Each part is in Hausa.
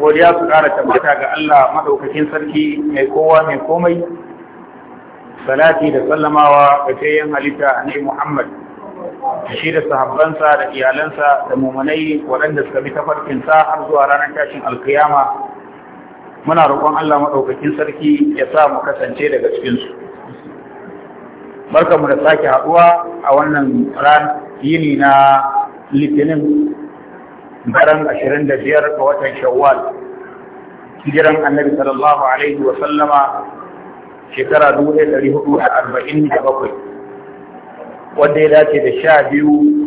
godiya su ƙara tabbata ga Allah maɗaukakin sarki mai kowa mai komai salati da sallamawa ga tayin halitta ne Muhammad Da shi da sahabbansa da iyalansa da mumanai waɗanda suka bi tafarkinsa har zuwa ranar tashin alkiyama muna roƙon Allah maɗaukakin sarki ya sa mu kasance daga cikinsu barkamu da sake haɗuwa a wannan ran yini na litinin daren 25 ga watan shawwal hijiran annabi sallallahu alaihi wa sallama shekara 1447 wanda ya dace da 12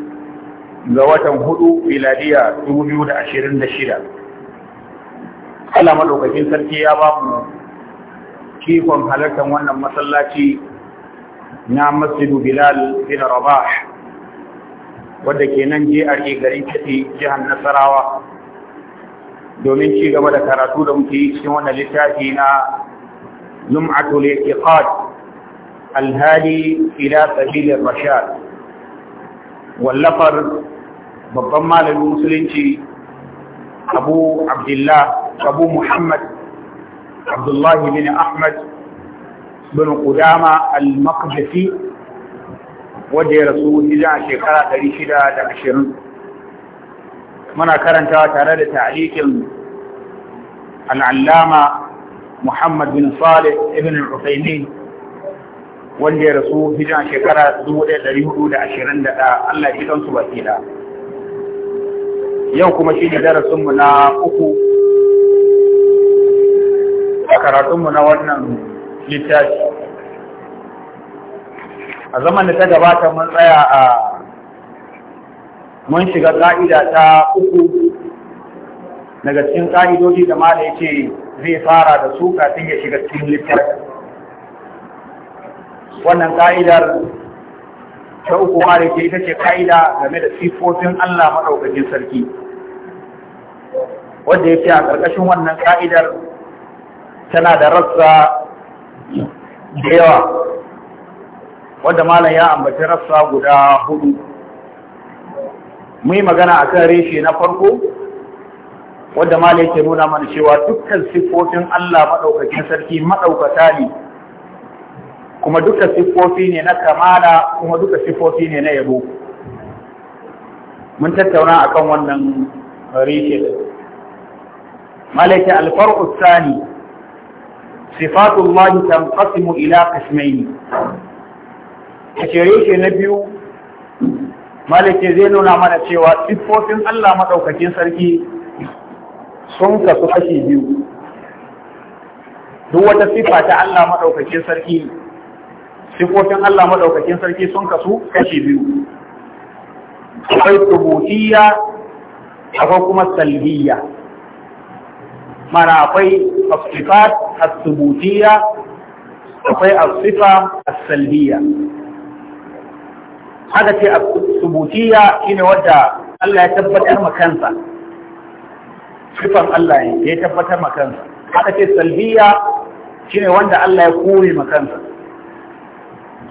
ga watan hudu miladiya 2026 Allah madaukakin sarki ya ba mu kifon halartar wannan masallaci na masjidu bilal bin rabah wadda ke nan JRA e garin Kati jihar Nasarawa domin ci gaba da karatu da muke yi cikin wannan littafi na Lum'atul Iqad Al-Hadi ila Sabil Rashad wallafar babban malamin musulunci Abu Abdullah Abu Muhammad Abdullahi bin Ahmad bin Qudama Al-Maqdisi wadda ya rasu hijira a shekara 620 muna karanta tare da ta'liqin al'allama Muhammad bin Salih ibn al-Uthaymeen wanda ya rasu hijira shekara 1421 Allah ya kansu baki da yau kuma shi ne darasinmu na uku a karatunmu na wannan littafi a zaman da ta gabata mun tsaya a mun shiga ƙa'ida ta uku daga cikin ƙa'idodi da ma da yake zai fara da su kafin ya shiga cikin littafi wannan ƙa'idar ta uku ma da ita ce ƙa'ida game da sifofin Allah maɗaukakin sarki Wanda yake a ƙarƙashin wannan ƙa'idar tana da rassa da yawa wanda malam ya ambaci rassa guda hudu mun yi magana kan reshe na farko wanda malam yake nuna mana cewa dukkan siffofin Allah maɗaukakin sarki maɗaukata ne kuma duka siffofi ne na kamala kuma duka siffofi ne na yabo mun tattauna akan wannan reshe malaika alfar'u tsani sifatullahi tanqasimu ila qismaini a shirye na biyu malike zai nuna mana cewa siffofin Allah maɗaukakin sarki sun kasu kashi biyu duk wata siffa ta Allah maɗaukakin sarki siffofin Allah maɗaukakin sarki sun kasu kashi biyu akwai tubutiyya akwai kuma salbiyya mana akwai asifat as-subutiyya akwai asifa as-salbiyya haka ce a subutiya shine wadda Allah ya tabbatar ma kansa sifan Allah ne ya tabbatar ma kansa haka ce salbiya shine wanda Allah ya kore ma kansa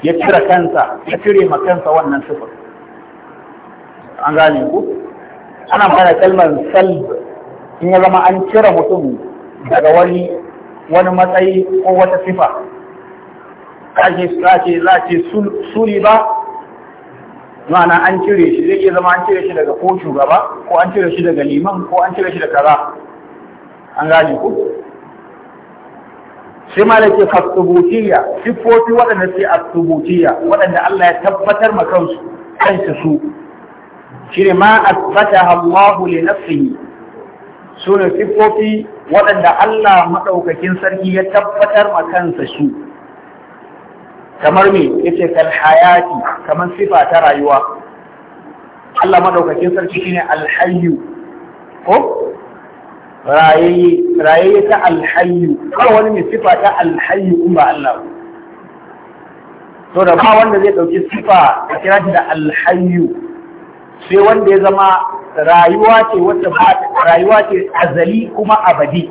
ya cire kansa ya cire ma kansa wannan sifan an gane ku ana fara kalmar salb in ya zama an cire mutum daga wani wani matsayi ko wata sifa kaje kaje za ce suli ba ma'ana an cire shi zai iya zama an cire shi daga ko shugaba ko an cire shi daga liman ko an cire shi da kaza an gane ku sai ma da ke fasubutiya siffofi waɗanda suke asubutiya waɗanda Allah ya tabbatar ma kansu kansu su shine ma asbataha Allah li nafsihi sune siffofi waɗanda Allah maɗaukakin sarki ya tabbatar ma kansa su kamar me yace kal hayati kamar sifa ta rayuwa Allah madaukakin sarki shine alhayyu ko rayaye rayaye ta alhayyu kar wani mai sifa ta alhayyu in ba Allah to da ba wanda zai dauki sifa a kira da alhayyu sai wanda ya zama rayuwa ce wacce ba rayuwa ce azali kuma abadi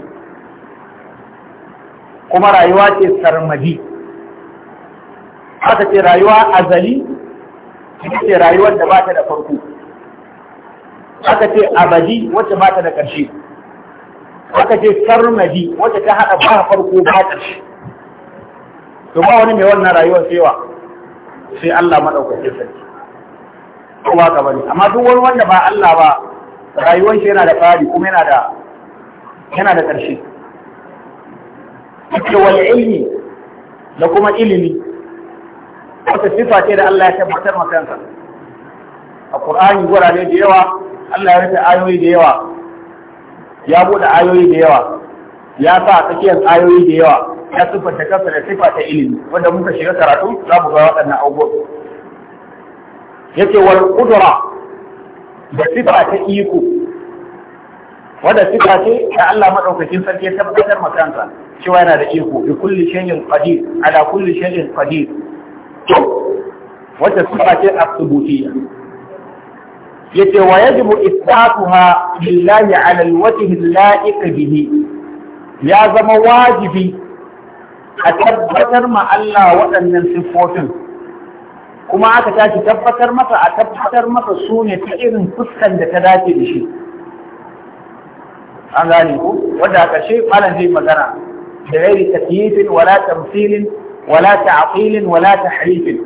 kuma rayuwa ce sarmadi aka ce rayuwa azali shi ce rayuwar da ba ta da farko aka ce abadi wacce ba ta da ƙarshe aka ce sarmadi wacce ta haɗa ba farko ba ƙarshe to ba wani mai wannan rayuwar sewa sai Allah maɗaukakin sarki ko ba ka bane amma duk wani wanda ba Allah ba rayuwar shi yana da fari kuma yana da yana da ƙarshe ake wal ilmi da kuma ilimi wata sifa ce da Allah ya tabbatar ma kansa a Qur'ani gurare da yawa Allah ya rufe ayoyi da yawa ya bude ayoyi da yawa ya sa tsakiyar ayoyi da yawa ya siffanta kansa da sifa ta ilimi wanda muka shiga karatu za mu ga waɗannan abubuwan yake wal qudra da sifa ta iko wanda sifa ce da Allah madaukakin sarki ya tabbatar ma kansa cewa yana da iko bi kulli shay'in qadir ala kulli shay'in qadir wacce sifa ce ya ce wa yajibu isbatuha lillahi ala alwajhi alla'iq bihi ya zama wajibi a tabbatar ma Allah waɗannan siffofin kuma aka tashi tabbatar masa a tabbatar masa su ne ta irin fuskan da ta dace da shi an gane ku wanda a ƙarshe malam zai magana da gairi takyifin wala tamsilin ولا تعطيل ولا تحريف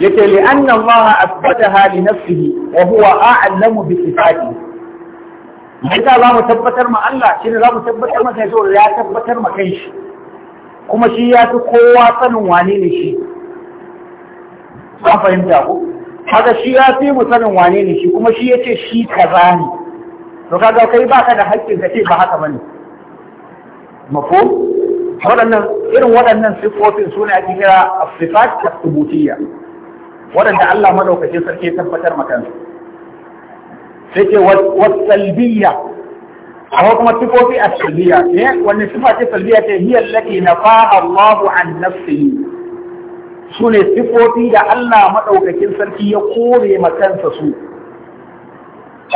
يتي لأن الله أثبتها لنفسه وهو أعلم بصفاته yadda za mu tabbatar ma Allah shi ne za mu tabbatar masa ya saboda ya tabbatar ma kan kuma shi ya fi kowa sanin wane ne shi an fahimta ku kaga shi ya fi mu sanin wane ne shi kuma shi ya ce shi kaza ne kai baka da haƙƙin ka ce ba haka bane waɗannan irin waɗannan siffofin sune ake kira sifat as waɗanda Allah madaukakin sarki ya tabbatar maka sai ce wasalbiya akwai kuma sifofi a salbiya ne wani sifa ce salbiya ce hiya allati nafaha Allah an nafsihi sune sifofi da Allah madaukakin sarki ya kore makansa su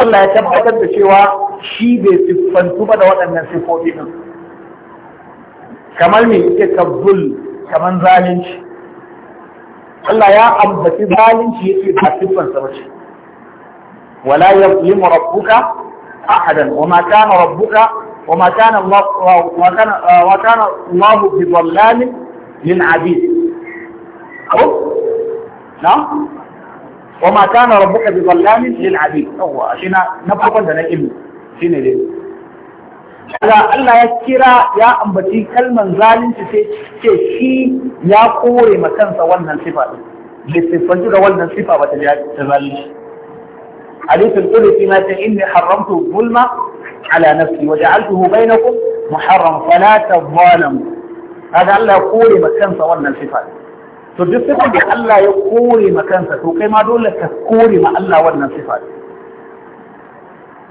Allah ya tabbatar da cewa shi bai siffantu ba da waɗannan sifofi din kamar me yake kabul kamar zalunci Allah ya ambaci zalunci yake ba siffarsa ba ce wala yuzlimu rabbuka ahadan wa ma kana rabbuka wa ma kana Allah wa kana wa kana Allah bi dhallamin lil abid ko na wa ma kana rabbuka bi dhallamin lil abid yawa shi na na farkon da na ilmi shine dai da Allah ya kira ya ambaci kalman zalunci sai ce shi ya kore ma kansa wannan sifa bai siffanci da wannan sifa ba ta ta zalunci hadisul qudsi ma ta inni haramtu zulma ala nafsi wa ja'altuhu bainakum muharram fala tadhalamu kaga Allah ya kore ma kansa wannan sifa to duk sifar da Allah ya kore ma kansa to kai ma dole ka kore ma Allah wannan sifa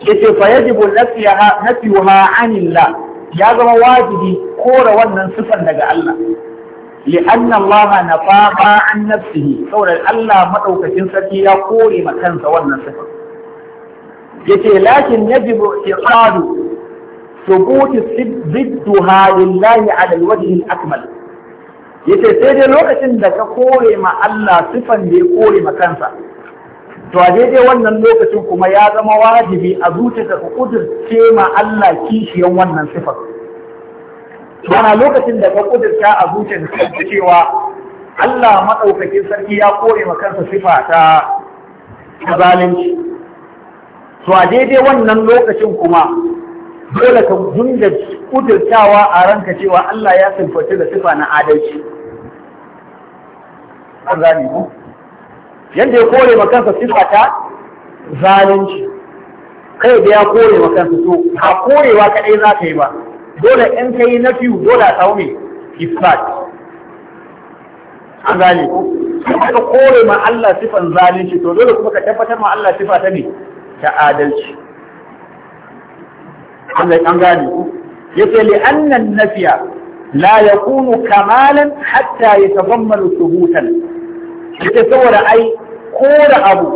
yace fa yajibu nafiha nafiha anillah ya zama wajibi kora wannan sifar daga Allah li'anna Allah nafaha an nafsihi saboda Allah madaukakin sarki ya kore ma kansa wannan sifar yace lakin yajibu iqadu ثبوت ضدها لله على الوجه الأكمل yace sai dai lokacin da ka kore ma Allah sifan da ya kore ma kansa to a daidai wannan lokacin kuma ya zama wajibi a zuciyarka ku kudurce ma Allah kishiyan wannan sifar Wana lokacin da ka kudurta a da cewa Allah maɗaukakin sarki ya kore ma kansa sifa ta zalunci to a daidai wannan lokacin kuma dole ka dinga kudurtawa a ranka cewa Allah ya siffatu da sifa na adalci. ku? yadda ya kore makansa kansa sifa ta zalunci kai da ya kore makansa kansa to a korewa kadai za ka yi ba dole in ka yi na fiye dole a samu mai ifsad an gane ko ka kore ma Allah sifan zalunci to dole kuma ka tabbatar ma Allah sifa ta ne ta adalci an gane ko yace li annan nafiya la yakunu kamalan hatta yatadammanu thubutan ita saboda ai ko da abu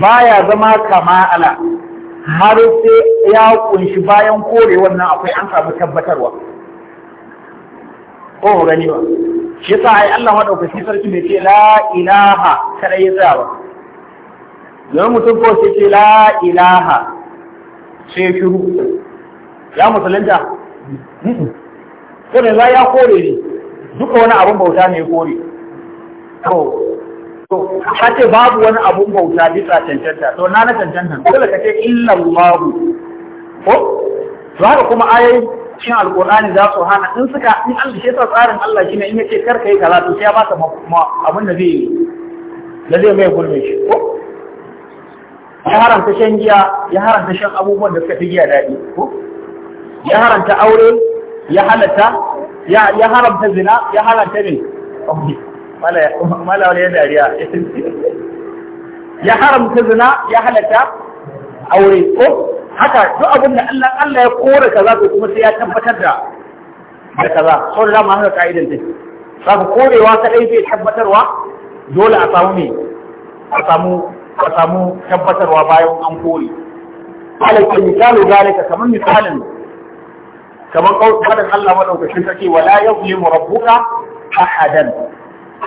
baya zama kama ala har sai ya kunshi bayan kore wannan akwai an samu tabbatarwa ko gani ba shi sa ai Allah madaukaki sarki mai ce la ilaha kada ya tsaya ba don mutum ko sai ce la ilaha sai shiru ya musulunta ko ne za ya kore ne duka wani abin bauta ne ya kore to ka ce babu wani abun bauta bisa cancanta to na na cancanta dole ka ce illallahu ko to haka kuma ayoyi cikin alqur'ani za su hana in suka in Allah shi sa tsarin Allah shine in yace kar kai kaza to sai ya baka abun da zai da zai mai gurbe shi ko ya haramta shan giya ya haramta shan abubuwan da suka fi giya daɗi ko ya haramta aure ya halatta ya haramta zina ya haramta ne mala ya dariya ya haramta zina ya halatta aure ko haka duk abin da Allah Allah ya kore kaza to kuma sai ya tabbatar da da kaza sau da dama haka ka'idan take za ku korewa ta ɗai bai tabbatarwa dole a samu ne a samu a samu tabbatarwa bayan an kore alaƙa misalu zalika kaman misalin kamar kaudin Allah madaukakin sarki wala yuzlimu rabbuka ahadan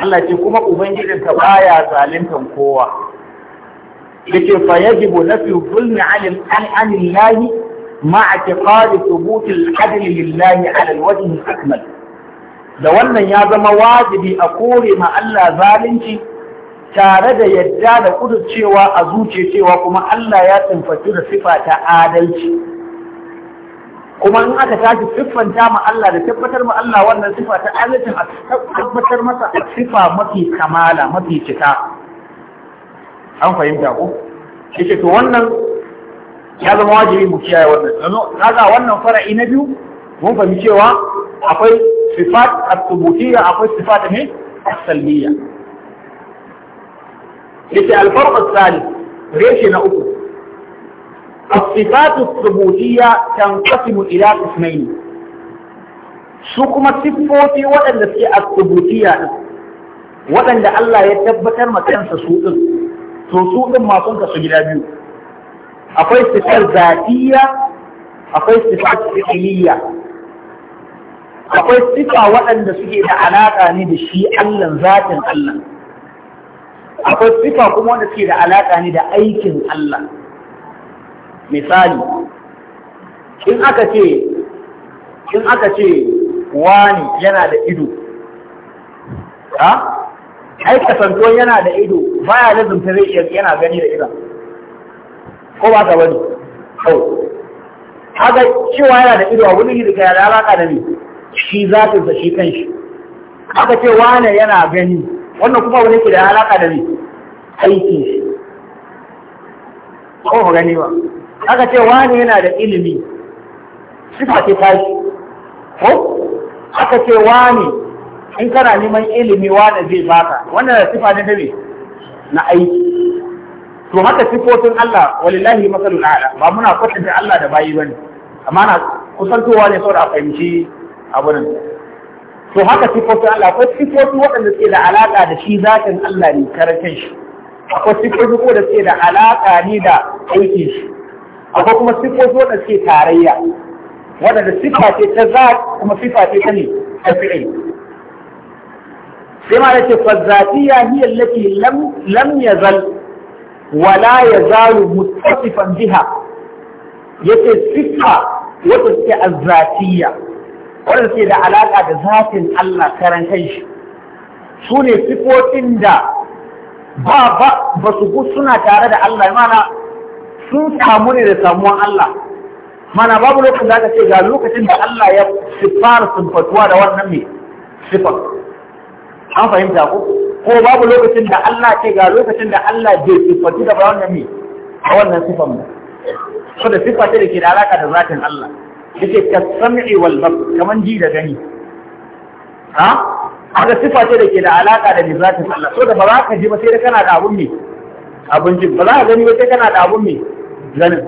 Allah ce kuma ubangijin ka baya zalintan kowa yace fa yajibu nafi zulmi alil an ma ma'a tiqadi thubuti al-adl lillahi ala al akmal da wannan ya zama wajibi a kore ma Allah zalunci tare da yadda da kudurcewa a zuce cewa kuma Allah ya tsimfaci da sifa ta adalci kuma in aka tashi siffanta ma Allah da tabbatar ma Allah wannan siffa ta adalcin a tabbatar masa a siffa mafi kamala mafi cika an fahimta ko yace to wannan ya zama wajibi mu kiyaye wannan yanzu kaga wannan fara'i na biyu mun fahimci cewa akwai sifat at-tubutiyya akwai sifat ne as-salbiyya yace al-farq as-salis reshe na uku الصفات الثبوتية تنقسم إلى قسمين سكما الصفوتي وأن الثبوتية وأن الله يتبتر مكان سوء سوء ما صنك سجلا بيو أقول صفات ذاتية أقول صفات فعلية akwai sifa waɗanda suke da alaƙa ne da shi Allahn zatin Allah akwai sifa kuma wanda suke da alaƙa ne da aikin Allah misali in aka ce in aka ce wani yana da ido ha ai kasantuwar yana da ido baya ta zai yana gani da idan ko ba ka bani kawai haka cewa yana da ido abu ne da yana alaka da ni shi zatin sa shi kanshi haka ce wani yana gani wannan kuma wani ke da alaka da ni aikin shi ko ba gani ba aka ce wani yana da ilimi sifa ce ta shi ko aka ce wani in kana neman ilimi wani zai baka wannan sifa ne dame na aiki to haka sifofin Allah walillahi masalul a'la ba muna kwatanta Allah da bayi bane amma na kusantowa ne saboda a fahimci nan to haka sifofin Allah akwai sifofi waɗanda suke da alaƙa da shi zatin Allah ne karatun shi akwai sifofi ko da suke da alaƙa ne da aikin shi akwai kuma siffofi waɗanda suke tarayya waɗanda siffa ce ta za kuma siffa ce ta ne ta fi'il sai ma da ce fazzatiya hiya allati lam lam yazal wala yazalu muttasifan biha yace siffa wata suke azzatiya wanda suke da alaƙa da zafin Allah karan kanshi su ne sifofin da ba ba ba su suna tare da Allah mana sun samu ne da samuwan Allah mana babu lokacin da aka ce ga lokacin da Allah ya fara sunfatuwa da wannan mai sifar an fahimta ko ko babu lokacin da Allah ce ga lokacin da Allah bai sifatu da wannan mai a wannan sifar mu so da sifa ce da ke da alaka da zatin Allah yake ka sam'i wal bab kaman ji da gani ha da sifa ce da ke da alaka da zatin Allah so da ba za ka ji ba sai da kana da abun mai abun ji ba za ka gani ba sai kana da abun mai ganin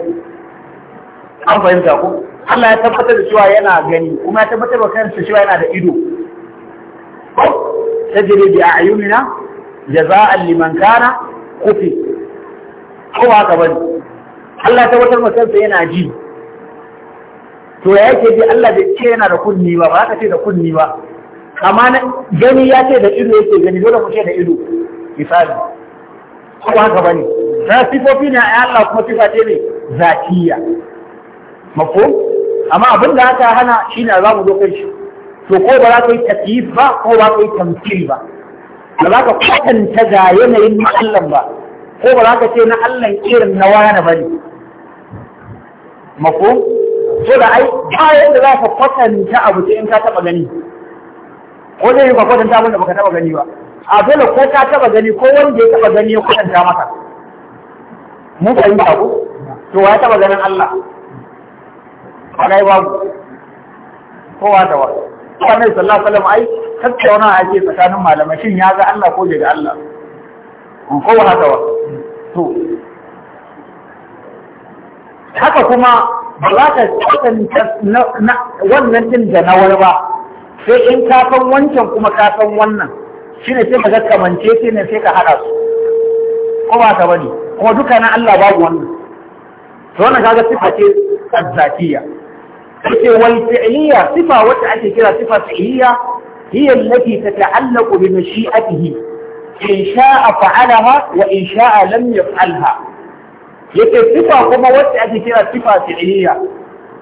an fahimta ko Allah ya tabbatar da cewa yana gani kuma ya tabbatar da kansa cewa yana da ido tajri bi a'yunina jaza'an liman kana kufi ko haka bane Allah ya tabbatar da kansa yana ji to ya yake ji Allah bai ce yana da kunni ba ba ka ce da kunni ba amma gani ya ce da ido yake gani dole mu ce da ido misali ko haka bane ta sifofi na ya Allah kuma sifa ce ne zatiya mako amma abin da aka hana shi ne za mu zo kai shi to ko ba za ka yi takyif ba ko ba ka yi tamthil ba ba za ka kwatanta ga yanayin na Allah ba ko ba za ka ce na Allah irin na wani ba ne mako so da ai ba yadda za ka kwatanta abu sai in ka taba gani ko zai yi ba kwatanta abin da baka taba gani ba a dole ko ka taba gani ko wanda ya taba gani ya kwatanta maka mu fahimta ko to wa taba ganin Allah kai babu kowa da wa Annabi sallallahu alaihi wasallam ai a ake tsakanin malamai shin ya ga Allah ko bai ga Allah Kowa wa haka to haka kuma ba za ka kwatanta wannan din da na wani ba sai in ka san wancan kuma ka san wannan shine sai ka ga kamance sai ne sai ka haɗa su ko ba ta bane kuma duka na Allah babu wannan to wannan kaga sifa ce azzatiya take wal fi'liya sifa wacce ake kira sifa fi'liya hiya allati tata'allaqu bi mashi'atihi in sha'a fa'alaha wa in sha'a lam yaf'alha yake sifa kuma wacce ake kira sifa fi'liya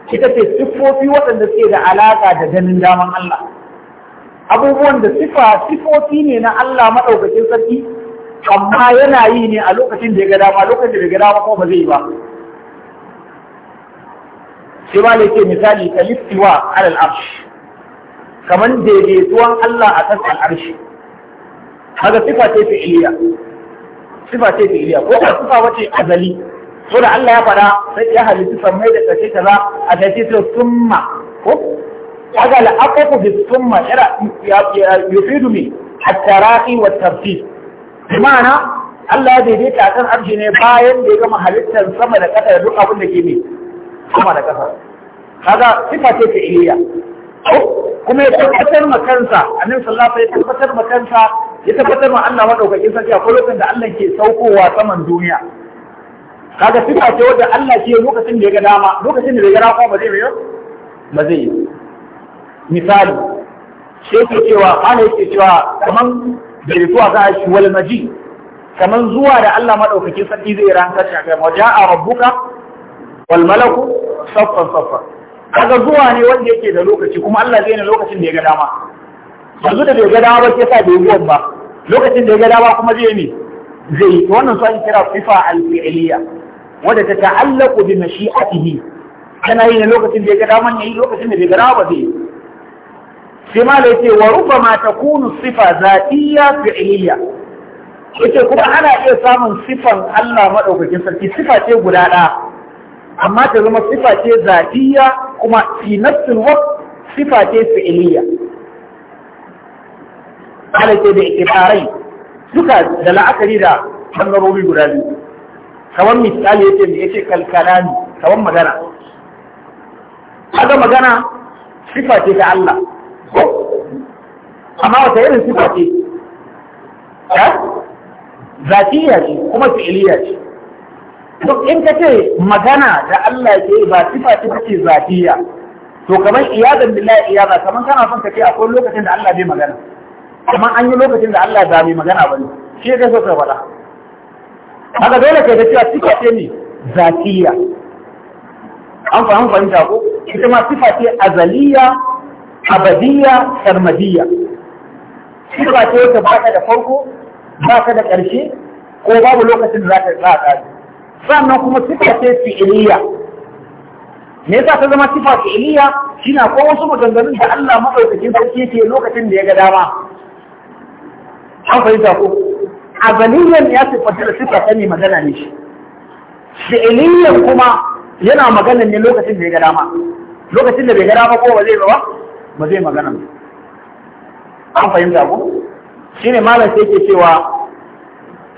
ita ce siffofi waɗanda suke da alaƙa da ganin daman Allah abubuwan da sifa sifofi ne na Allah maɗaukacin sarki amma yana yi ne a lokacin da ya ga dama lokacin da ya ga dama ko ba zai yi ba sai ba yake misali kalistiwa alal arsh kamar daidaituwan Allah a kan al'arshi kaga sifa ce fi'iliya sifa ce fi'iliya ko ka sifa wace azali so da Allah ya fada sai ya halitta sammai da kace za a kace to summa ko kaga la'aqafu bis summa ya yufidu min at-taraqi wat-tartib ma'ana Allah ya daidaita akan arshi ne bayan da ya gama halittar sama da ƙasa da duk abin da ke ne sama da ƙasa kaga sifa ce ta iliya kuma ya tabbatar ma kansa annabi sallallahu alaihi wasallam ya tabbatar ma kansa ya tabbatar ma Allah madaukakin sarki akwai lokacin da Allah ke saukowa saman duniya kaga sifa ce wanda Allah ke lokacin da ya ga dama lokacin da ya ga dama ba zai yi ba zai yi misali shi yake cewa ana yake cewa kamar. jirtuwa za a shi wal maji kamar zuwa da Allah madaukakin sarki zai ranka shi akai waja'a rabbuka wal malaku saffan saffan kaga zuwa ne wanda yake da lokaci kuma Allah zai ne lokacin da ya ga dama yanzu da bai ga dama ba sai sa bai zuwan ba lokacin da ya ga dama kuma zai ne zai wannan su ake kira sifa al-fi'liya wadda ta ta'allaqu bi mashi'atihi kana yin lokacin da ya ga dama yayi lokacin da bai ga dama ba zai yi. shi ma da yake wa rubama kunu sifa zatiyya fi'liya yake kuma ana iya samun sifan Allah maɗaukakin sarki sifa ce guda ɗaya amma ta zama sifa ce zaɗiya kuma fi nafsil wa sifa ce fi'liya ala ce da ikibarai duka da la'akari da ɓangarori guda biyu kamar misali da yake kalkala kalkalani kamar magana kaga magana sifa ce ta Allah amma wata irin sifa ce ya zatiya ce kuma fi'iliya ce to in ka ce magana da Allah ke ba sifa ce take zatiya to kamar iyadan billahi iyada kamar kana son ka ce akwai lokacin da Allah bai magana kamar an yi lokacin da Allah ba mai magana ba ne shi ya so ka faɗa haka dole yi da cewa sifa ce ne zatiya an fahimta ko ita ma sifa ce azaliya abadiyya sarmadiyya ba ce wata ba ta da farko ba ta da ƙarshe ko babu lokacin da za ta za a sannan kuma sifa ce fi'iliya me yasa ta zama sifa fi'iliya shine ko wasu maganganun da Allah madaukakin sarki ke lokacin da ya ga dama an fahimta ko azaliyan ya sifanta da sifa ta ne magana ne shi fi'iliyan kuma yana magana ne lokacin da ya ga dama lokacin da bai ga dama ko ba zai ba ba zai magana ba an fahimta ku shine malam sai yake cewa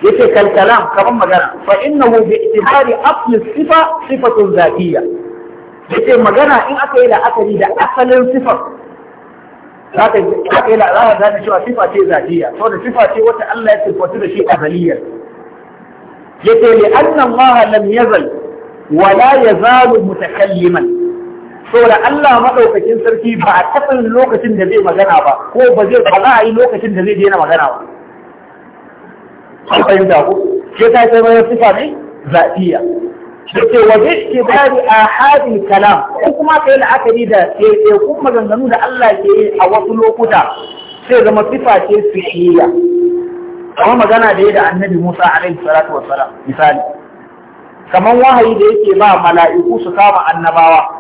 yace kalkalan kalam kaman magana fa innahu bi itibari asl sifa sifatun zatiyya yace magana in aka yi la'akari da asalin sifar za ka yi la'akari da cewa sifa ce to da sifa ce wata Allah ya sifatu da shi azaliyya yace li anna Allah lam yazal wa la yazalu mutakalliman saboda Allah maɗaukakin sarki ba a taɓin lokacin da zai magana ba ko ba zai ba za a yi lokacin da zai daina magana ba an da ku ke ta sai mai sifa ne zafiya. da ke waje ke bari a hadin kalam ko kuma kai la'akari da ɗaiɗaikun maganganu da Allah ke yi a wasu lokuta sai zama sifa ce fi'iyya kamar magana da ya da annabi Musa alaihi salatu wassalam misali kamar wahayi da yake ba mala'iku su kama annabawa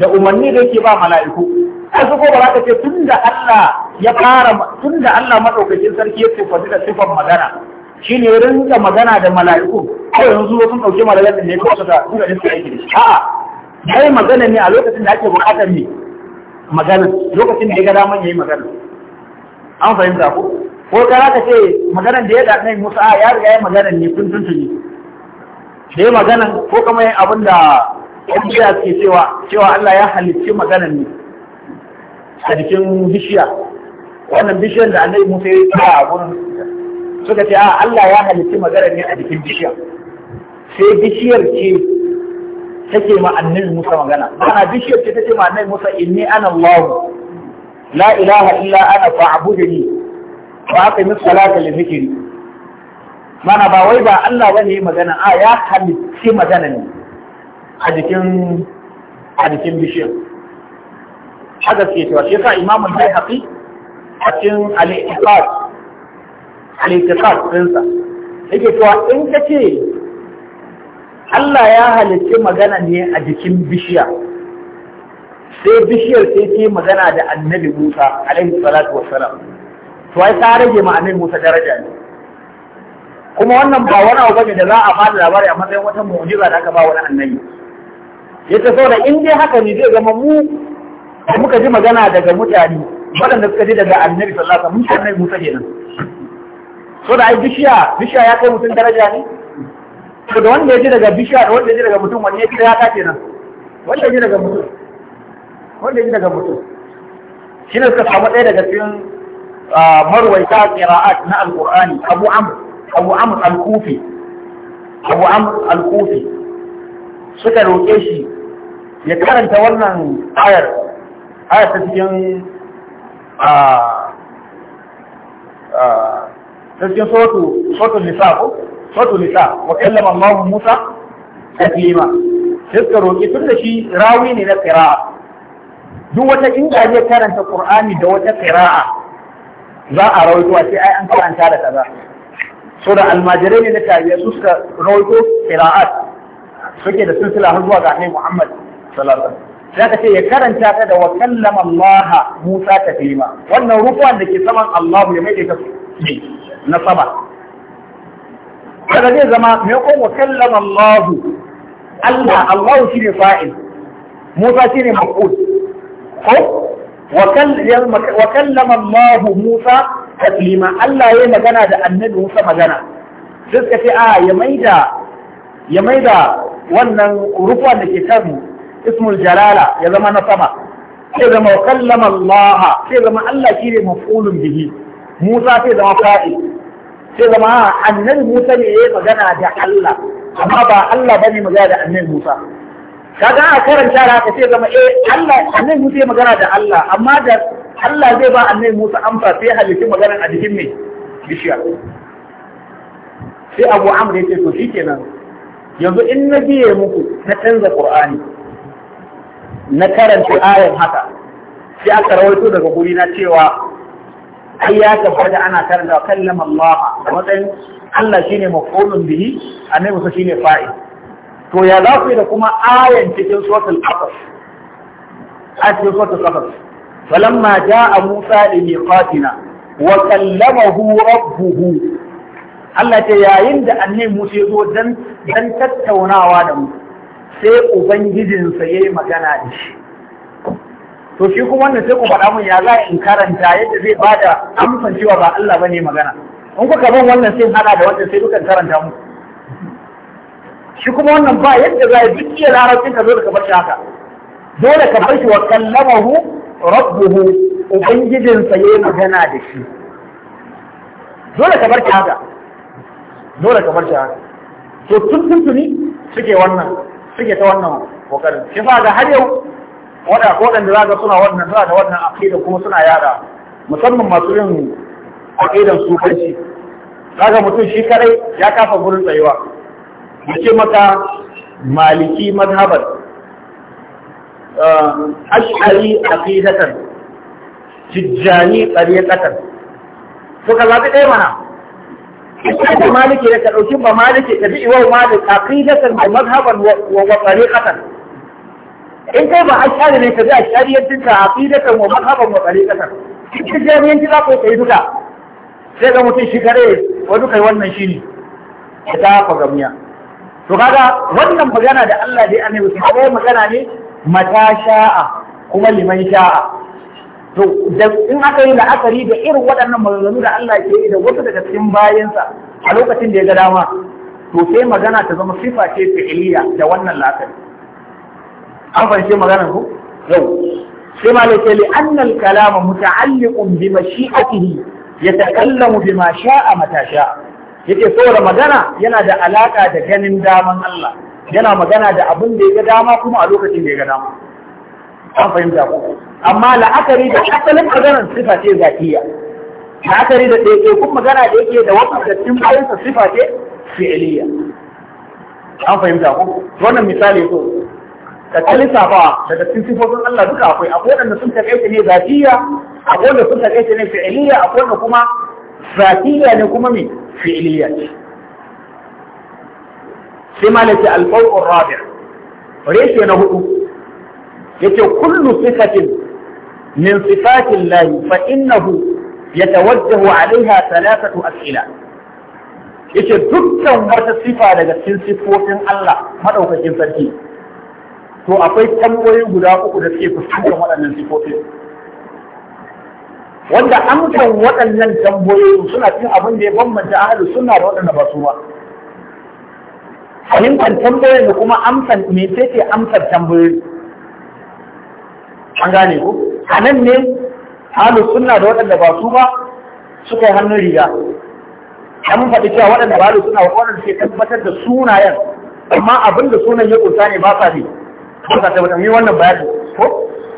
da umarni da yake ba mala'iku ai su ko ba za ka ce da Allah ya fara tun da Allah madaukakin sarki ya tufafi da sifan magana ne wurin da magana da mala'iku ko yanzu sun ɗauke mala'ikan ne ko su da su da su aiki a'a dai magana ne a lokacin da ake buƙatar ne magana lokacin da ya ga daman yayi magana an fahimta ko ko ka za ka ce magana da ya da nai Musa ya riga ya magana ne tun tun tuni da ya magana ko kuma abin da bishiya ke cewa cewa Allah ya halicci maganar ne a jikin bishiya wannan bishiyar da annabi Musa ya tsaya a gurin suka ce a Allah ya halicci maganar ne a jikin bishiya sai bishiyar ce take ma annabi Musa magana ana bishiyar ce take ma annabi Musa inni ana Allah la ilaha illa ana fa'budni fa aqimi salata li dhikri mana ba wai ba Allah bane magana a ya halicci magana ne a jikin bishiyar haka ke cewa shi yasa imamu bai haƙi a cikin al-iqad al-iqad ɗinsa yake cewa in ka ce Allah ya halicci magana ne a jikin bishiya sai bishiyar sai ke magana da annabi Musa alaihi salatu wassalam to ai ta rage ma annabi Musa daraja ne kuma wannan ba wani abu bane da za a ba da labari a matsayin wata mu'jiza da aka ba wani annabi ya ta saboda in dai haka ne zai zama mu muka ji magana daga mutane waɗanda suka ji daga annabi sallallahu alaihi wasallam annabi Musa kenan so da ai bishiya bishiya ya kai mutum daraja ne to da wanda ya ji daga bishiya da wanda ya ji daga mutum wani ya ya kace nan wanda ya ji daga mutum wanda ya ji daga mutum shi ne suka samu ɗaya daga cikin marwaita qira'at na alqur'ani abu amr abu amr al-kufi abu amr al-kufi suka roƙe shi ya karanta wannan ayar ayar ta cikin ta cikin sotu sotu nisa ko sotu nisa wa kallama Allah Musa taklima sai ka roƙi tun da shi rawi ne na qira'a duk wata inda zai karanta Qur'ani da wata qira'a za a rawaito a ce ai an karanta da kaza so da almajirai ne na tabiya su suka rawaito qira'at suke da silsila har zuwa ga Annabi Muhammad sallallahu ce ya karanta ta da wa kallama Allah Musa taklima wannan rufuwan da ke saman Allah ya mai ta ne na sama kada zai zama me ko wa kallama Allah Allah Allah ne fa'il Musa shi ne maf'ul ko wa kallama Allah Musa taklima Allah ya magana da annabi Musa magana sai suka ce a ya maida ya maida wannan rufuwan da ke kan ismul jalala ya zama na sama sai zama kallama Allah sai zama Allah shi ne maf'ulun bihi Musa sai zama fa'il sai zama ah, annabi Musa ne yayi magana da Allah amma ba Allah bane magana da annabi Musa kaga a karanta da haka sai zama eh Allah annabi Musa ya magana da Allah amma da Allah zai ba annabi Musa amsa sai halittu magana a jikin mai bishiya sai Abu Amr ya ce to shikenan yanzu in na biye muku na canza Qur'ani na karanta ayan haka sai aka rawaito daga guri na cewa ai ya tabbata ana karanta wa kallama Allah a matsayin Allah shine mafulun bihi annabi Musa shine fa'i. to ya za ku yi da kuma ayan cikin suratul qasas a cikin suratul qasas falamma jaa Musa limiqatina wa kallamahu rabbuhu Allah ta yayin da annabi Musa ya zo dan tattaunawa da mu sai ubangijinsa ya yi magana da shi to shi kuma wannan sai ku faɗa mun ya za in karanta yadda zai ba da amsan cewa ba Allah ba ne magana in kuka ban wannan sai hada da wannan sai dukan karanta mu shi kuma wannan ba yadda za a duk iya larabcin ka zo da ka bar shi haka dole ka bar shi wa kallamahu rabbuhu ubangijinsa ya yi magana da shi dole ka bar shi haka dole ka bar shi haka to tun tuntuni suke wannan suke ta wannan kokarin shi fa ga har yau waɗanda ko da za ga suna wannan suna da wannan aqida kuma suna yara, musamman masu yin aqidan sufanci kaga mutum shi karai ya kafa gurin tsayuwa yace maka maliki madhaban ah, ash'ari aqidatan tijjani tariqatan to kaza ta kai mana da maliki ya ka ɗauki ba maliki ka bi iwau malik aqidatan da mazhaban wa tariqatan in kai ba ashari ne ka bi ashariyancin ka aqidatan wa mazhaban wa tariqatan ki jami'anci za ku kai duka sai ga mutum shi kare wa duka wannan shine ya ta fa gamiya to kaga wannan magana da Allah da annabi sai magana ne mata sha'a kuma liman sha'a to in aka yi la'akari da irin waɗannan maganganu da Allah ke yi da wasu daga cikin bayansa a lokacin da ya ga dama to sai magana ta zama sifa ce fi'iliya da wannan la'akari an fahimci maganar ku yau sai ma lafiya li annal kalama muta'alliqun bi mashi'atihi yatakallamu bima sha'a mata sha'a yake saboda magana yana da alaka da ganin daman Allah yana magana da abin da ya ga dama kuma a lokacin da ya ga dama an fahimta ku amma la'akari da asalin maganar sifa ce zatiya la'akari da kun magana da yake da wakatattun bayansa sifa ce fi'iliya an fahimta ko wannan misali so ka ta lissafa daga cikin sifofin Allah duka akwai akwai wanda sun taƙaita ne zatiya akwai wanda sun taƙaita ne fi'iliya akwai wanda kuma zatiya ne kuma me fi'iliya ce sai malaka al-qawlu rabi' reshe na hudu yace kullu sifatin من صفات الله فإنه يتوجه عليها ثلاثة أسئلة yake dukkan wata sifa daga cikin sifofin Allah maɗaukakin sarki to akwai tambayoyi guda uku da suke fuskantar waɗannan sifofin wanda amsan waɗannan tambayoyi suna cikin abin da ya bambanta ahlus suna da waɗanda ba su ba fahimtar tambayoyin da kuma amsan me ce amsar tambayoyi an gane ku a nan ne halin sunna da waɗanda ba su ba suka yi hannun riga an faɗi cewa waɗanda ba halin suna waɗanda ke tabbatar da sunayen amma abin da sunan ya kunta ne ba sa ne ba sa tabbatar yi wannan bayanin ko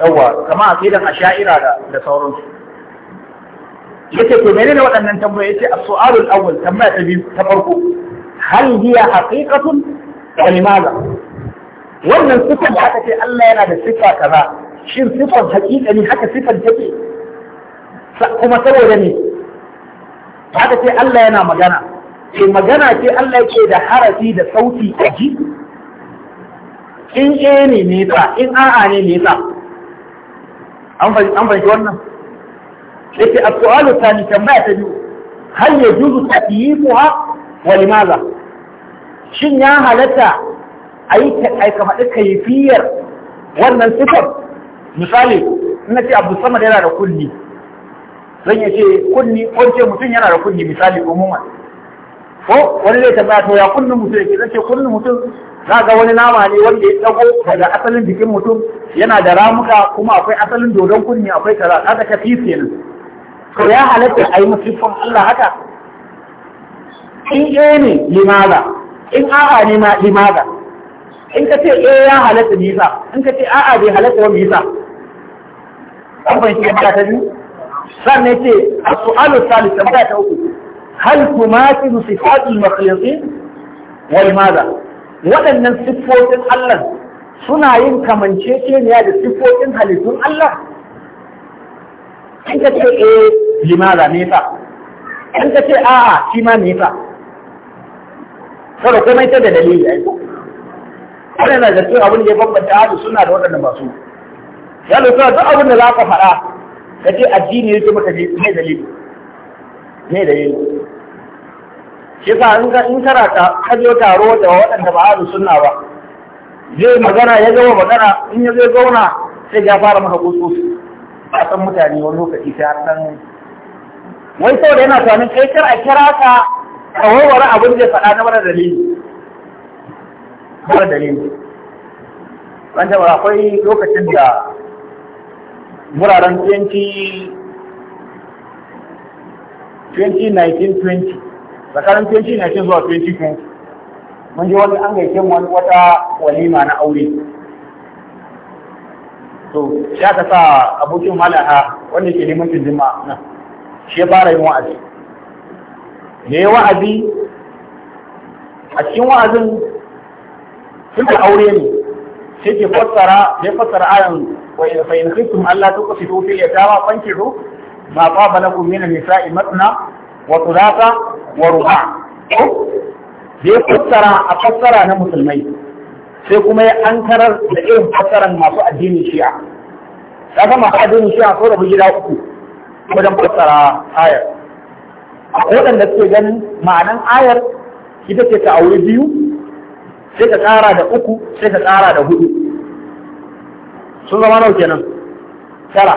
yawwa kama a tsidan asha'ira da da sauransu yace to menene waɗannan tambayoyi yace as-su'alul awwal tambaya ta biyu ta farko hal hiya haqiqatun wa limaza wannan sifar da aka ce Allah yana da sifa kaza shin sifan hakika ne haka sifan take kuma saboda ne haka ce Allah yana magana ce magana ce Allah yake da harafi da sauti a ji in e ne ne ta in a'a ne ne ta an fahimci wannan yake a su'alu ta ni tambaya ta biyu hal ya juzu taqyiquha wa limaza shin ya halatta ai ka faɗi kaifiyar wannan sifar misali ina ce abu sama yana da kunni zan yi ce kunni ko ce mutum yana da kunni misali umuma ko wani zai tambaya to ya kunnin mutum yake zan ce kunnin mutum za ga wani nama ne wanda ya dago daga asalin jikin mutum yana da ramuka kuma akwai asalin dodon kunni akwai kaza Za ka fife nan to ya halatta a yi musifin Allah haka in "E" ne limaza in a'a ne ma limaza in ka ce "E" ya halatta nisa in ka ce a'a bai halatta wa nisa an bai shi ta ta biyu sannan ce a su'alu salis tambaya ta uku hal tumatilu sifatul makhluqin wal madha waɗannan siffofin Allah suna yin kamanceceniya da siffofin halittun Allah in ka ce eh limaza me yasa in ka ce a'a shi ma me yasa kada komai ta da dalili ai ko wannan da cewa abin da ya bambanta hadu suna da waɗanda ba su ya lura duk abin da za ka faɗa ka ce addini ce maka ne me ne me yi shi ka in ta ka zo taro da waɗanda ba a sunna ba zai magana ya zama magana in ya zai zauna sai ya fara maka kusosu ba san mutane wani lokaci ta san wai saboda yana tunanin kai kar a kira ka a warware abin da faɗa na mara dalili mara dalili wanda akwai lokacin da wuraren 2019-20 tsakanin 2019 zuwa 2020 mun ji wani an gaike wani wata walima na aure to ya aka sa abokin malaha wanda ke neman tunjima nan shi ya fara yin wa'azi da ya wa'azi a cikin wa'azin sun da aure ne sai ke fassara ya fassara ayan فإن خفتم ألا تقسطوا في اليتامى فانكحوا ما طاب لكم من النساء مثنى وثلاثة ورباع zai fassara a fassara na musulmai sai kuma ya ankarar da irin fassaran masu addinin shi'a kaga masu addinin shi'a sau da gida uku wajen fassara ayar akwai waɗanda suke ganin ma'anan ayar ita ce ta aure biyu sai ka tsara da uku sai ka tsara da hudu sun zama nau kenan tara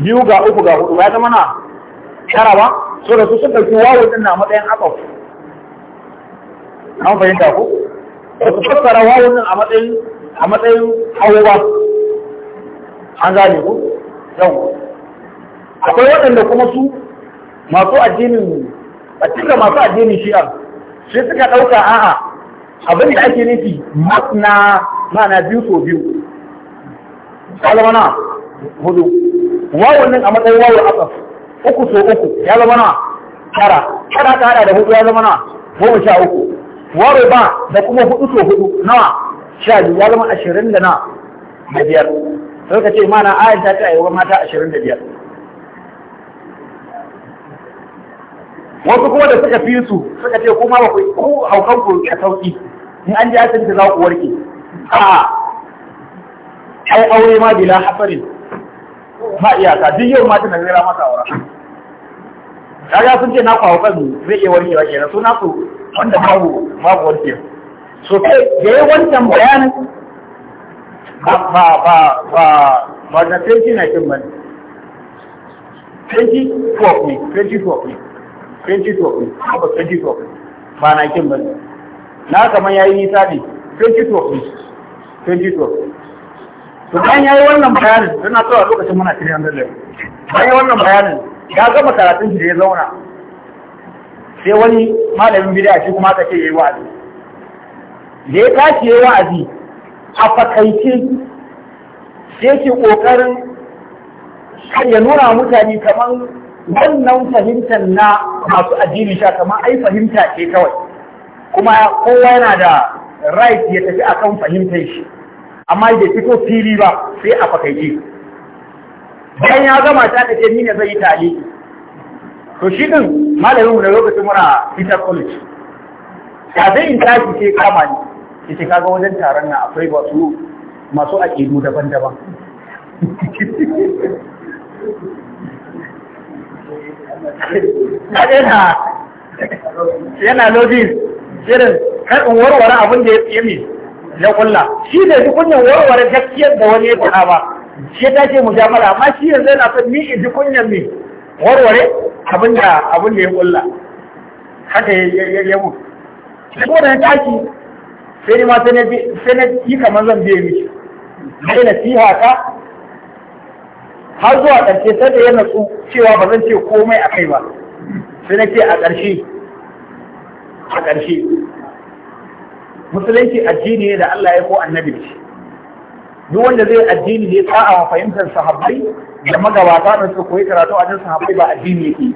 biyu ga uku ga hudu ya zama na tara ba so da su sun ɗauki wawo din na matsayin akaf an fahimta ku da su fassara wawo din a matsayin a matsayin hawo ba an gane ku yau akwai waɗanda kuma su masu addinin a cika masu addinin shi'a sai suka ɗauka a'a abin da ake nufi masna mana biyu so biyu ya zama na hudu wawannin a matsayin wawar asaf uku so uku ya zama na tara tara ta hada da hudu ya zama na goma sha uku wawar ba da kuma hudu so hudu nawa sha biyu ya zama ashirin da na da biyar sai ka ce mana ayat ta ce a yawan mata ashirin da biyar wasu kuma da suka fi su suka ce kuma ba ku haukan ku a sauki in an ji asibiti za ku warke a'a ai aure ma bila hasarin ma iyaka duk yau mata na zira masa aura kaga sun ce na kwawo kan zai iya warkewa na so na so wanda babu babu warkewa so kai ga yayi wancan bayanin ba ba ba ba ba na 2019 ne ne ne ba ne ba na kin ba na kamar yayi nisa ne 2012 ne 2012 to bayan yayi wannan bayanin yana tsawa lokacin muna shirya da lewa bayan wannan bayanin ya gama karatun shi da ya zauna sai wani malamin bid'a shi kuma aka ce yayi wa'azi da ya tashi yayi wa'azi a fakaice sai ke kokarin ya nuna mutane kamar wannan fahimtar na masu addini sha kamar ai fahimta ce kawai kuma kowa yana da right ya tafi akan fahimtar shi amma da fito fili ba sai a fakaice bayan ya gama ta da ce ni ne zai yi tali to shi din malamin mu na lokacin muna fitar college ya zai in tashi ke kama ni yace kaga wajen taron nan akwai su masu aƙidu daban-daban yana yana lobby irin kar in warware abin da ya mai. na kulla shi ne ji kunyan warware gaskiyar da wani ya faɗa ba shi ta ce mujamala amma shi yanzu yana son ni in ji kunyan me warware abin da abin da ya kulla haka ya mutu ko da taki sai ni ma sai na yi kamar zan biye miki na na siha haka har zuwa ƙarshe sai da ya natsu cewa ba zan ce komai a kai ba sai na ce a ƙarshe a ƙarshe musulunci addini ne da Allah ya ko annabi da duk wanda zai addini ne sa'a wa fahimtar sahabbai da magabata da su koyi karatu a cikin sahabbai ba addini yake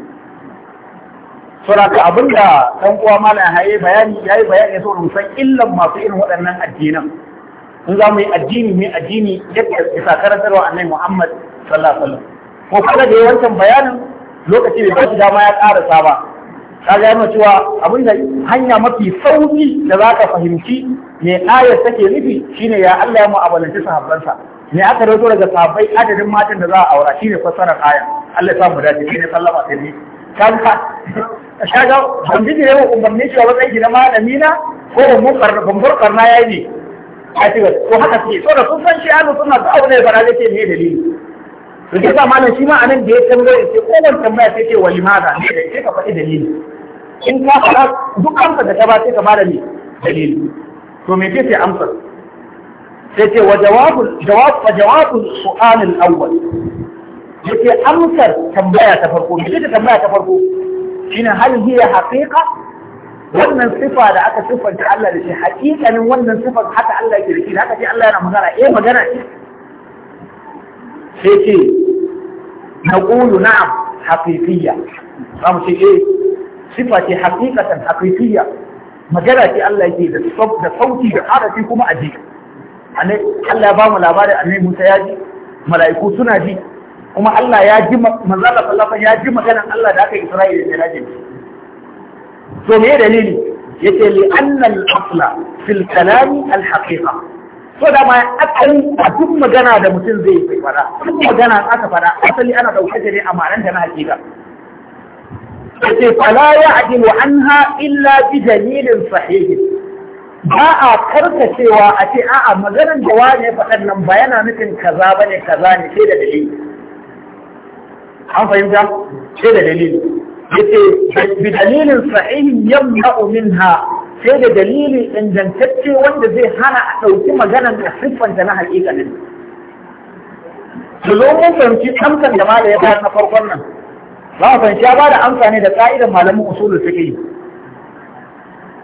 saboda abinda dan uwa malam haye bayani yayi bayani ya so mu san illan masu irin waɗannan addinan in za mu yi addini mai addini yadda isa karantarwa annabi Muhammad sallallahu alaihi wasallam ko kada da yawancin bayanin lokaci bai ba shi dama ya ƙarasa ba kaga yana cewa abin da hanya mafi sauki da za ka fahimci me ayar take nufi shine ya Allah ya abalanci sahabbansa ne aka rawo daga sahabbai adadin matan da za a aura shine fassarar ayar Allah ya mu dace shine sallama sai ni ka shaga ban ji ne umarni cewa ba zai gina malami na ko ban burkar na yayi ne a ce ko haka suke so da sun san shi alu suna da aure ba da ce ne dalili Rikisa ke malam shi ma nan da ya tambaye sai kowanne tambaya sai ce wa limada ne da ke ka faɗi dalili in ka faɗa duk amsa da ta ba sai ka bada ni dalili to me ce amsa sai ce wa jawabul jawab wa jawabul su'al al-awwal yace amsar tambaya ta farko me ce tambaya ta farko shine hal hiya haqiqa wannan sifa da aka siffanta Allah da shi haƙiƙanin wannan sifar haka Allah ke da shi haka ce Allah yana magana eh magana ce sai ce na na'am haƙiƙiyya. za mu ce eh sifa ce haqiqatan haqiqiyya magana ce Allah yake da da sauti da harafi kuma a ji Allah ya ba mu labarin annabi Musa ya ji mala'iku suna ji kuma Allah ya ji manzo Allah sallallahu ya ji maganar Allah da aka Isra'ila da Mirajin to me dalili yace li anna al-asla fil kalami al-haqiqa so da ma asalin a duk magana da mutum zai yi fara duk magana aka fara asali ana dauke da ne a ma'anar da na hakika yace fala an anha illa bi dalilin sahih ba a cewa a ce a'a maganar da wani ya faɗan nan ba yana nufin kaza bane kaza ne sai da dalili an fahimta sai da dalili yace bi dalilin sahihin yamna'u ha sai da dalili ingantacce wanda zai hana a ɗauki maganar da siffanta na haƙiƙanin. Su zo mun fahimci amsar da ma da ya bayar na farkon nan, Ba a fahimci ya ba da amfani da ka'idar malamin usulul fiqh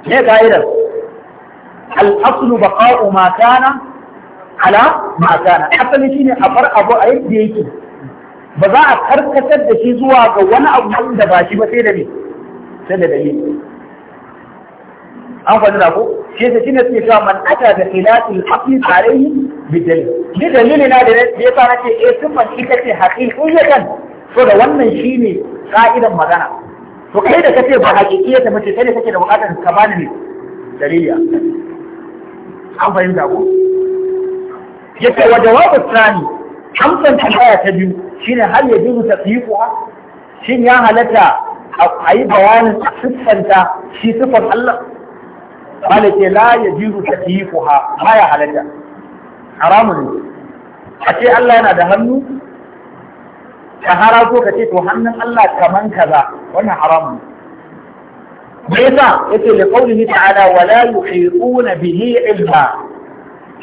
ne ka'idar al-aslu baqa'u ma kana ala ma kana shi ne a bar abu a yadda yake ba za a karkatar da shi zuwa ga wani abu da ba shi ba sai da me sai da dalili an faɗi da ko shi yasa shine suke cewa man ata da khilafil aqli alayhi bi dalil ni dalili na da yasa nace eh sun man ita ce haqiqatan so da wannan shine ƙa'idan magana to kai da kace ba hakikiya ta mace kai ne kake da bukatar ka bani ne dalili an fahimta ko yace wa jawabu tsani amsan tambaya ta biyu shine har ya jiru tasyiquha shin ya halatta a yi bayanin siffanta shi siffar Allah malake la ya jiru tasyiquha ba ya halatta haramun ne a ce Allah yana da hannu ka haraso ka ce to hannun Allah kaman kaza wannan haramun me yasa yace da qaulihi ta'ala wala yuhiquna bihi ilma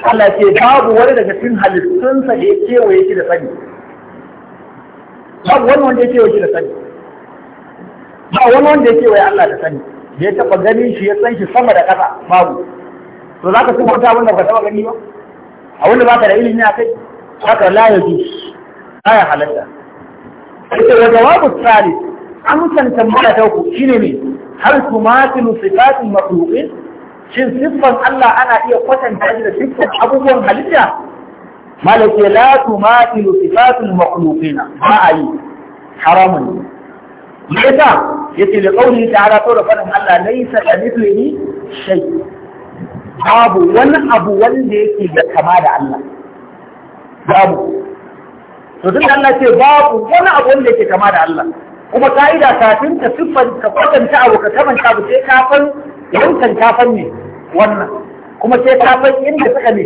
Allah ce babu wani daga cikin halittunsa da ya kewaye shi da sani babu wani wanda ya kewaye shi da sani ba wani wanda ya kewaye Allah da sani da ya taba ganin shi ya san shi sama da kasa babu to za ka kuma wanda ba taba gani ba a wanda baka da ilimi a kai haka la yajuz aya halatta yake wa jawabu tsari amsan tambaya ta ku shine ne hal tumatilu sifatin makhluqin shin siffan Allah ana iya kwatanta shi da siffan abubuwan halitta malaka la tumatilu sifatin makhluqin ba a yi haramun me yasa yace da kauli ta'ala to da fadin Allah laysa kamithlihi shay babu wani abu wanda yake da kama da Allah babu to tun da Allah ce babu wani abu wanda yake kama da Allah kuma ka'ida kafin ka siffan ka kwatanta abu ka kamanta abu sai ka san yankan ka ne wannan kuma sai ka san inda suka ne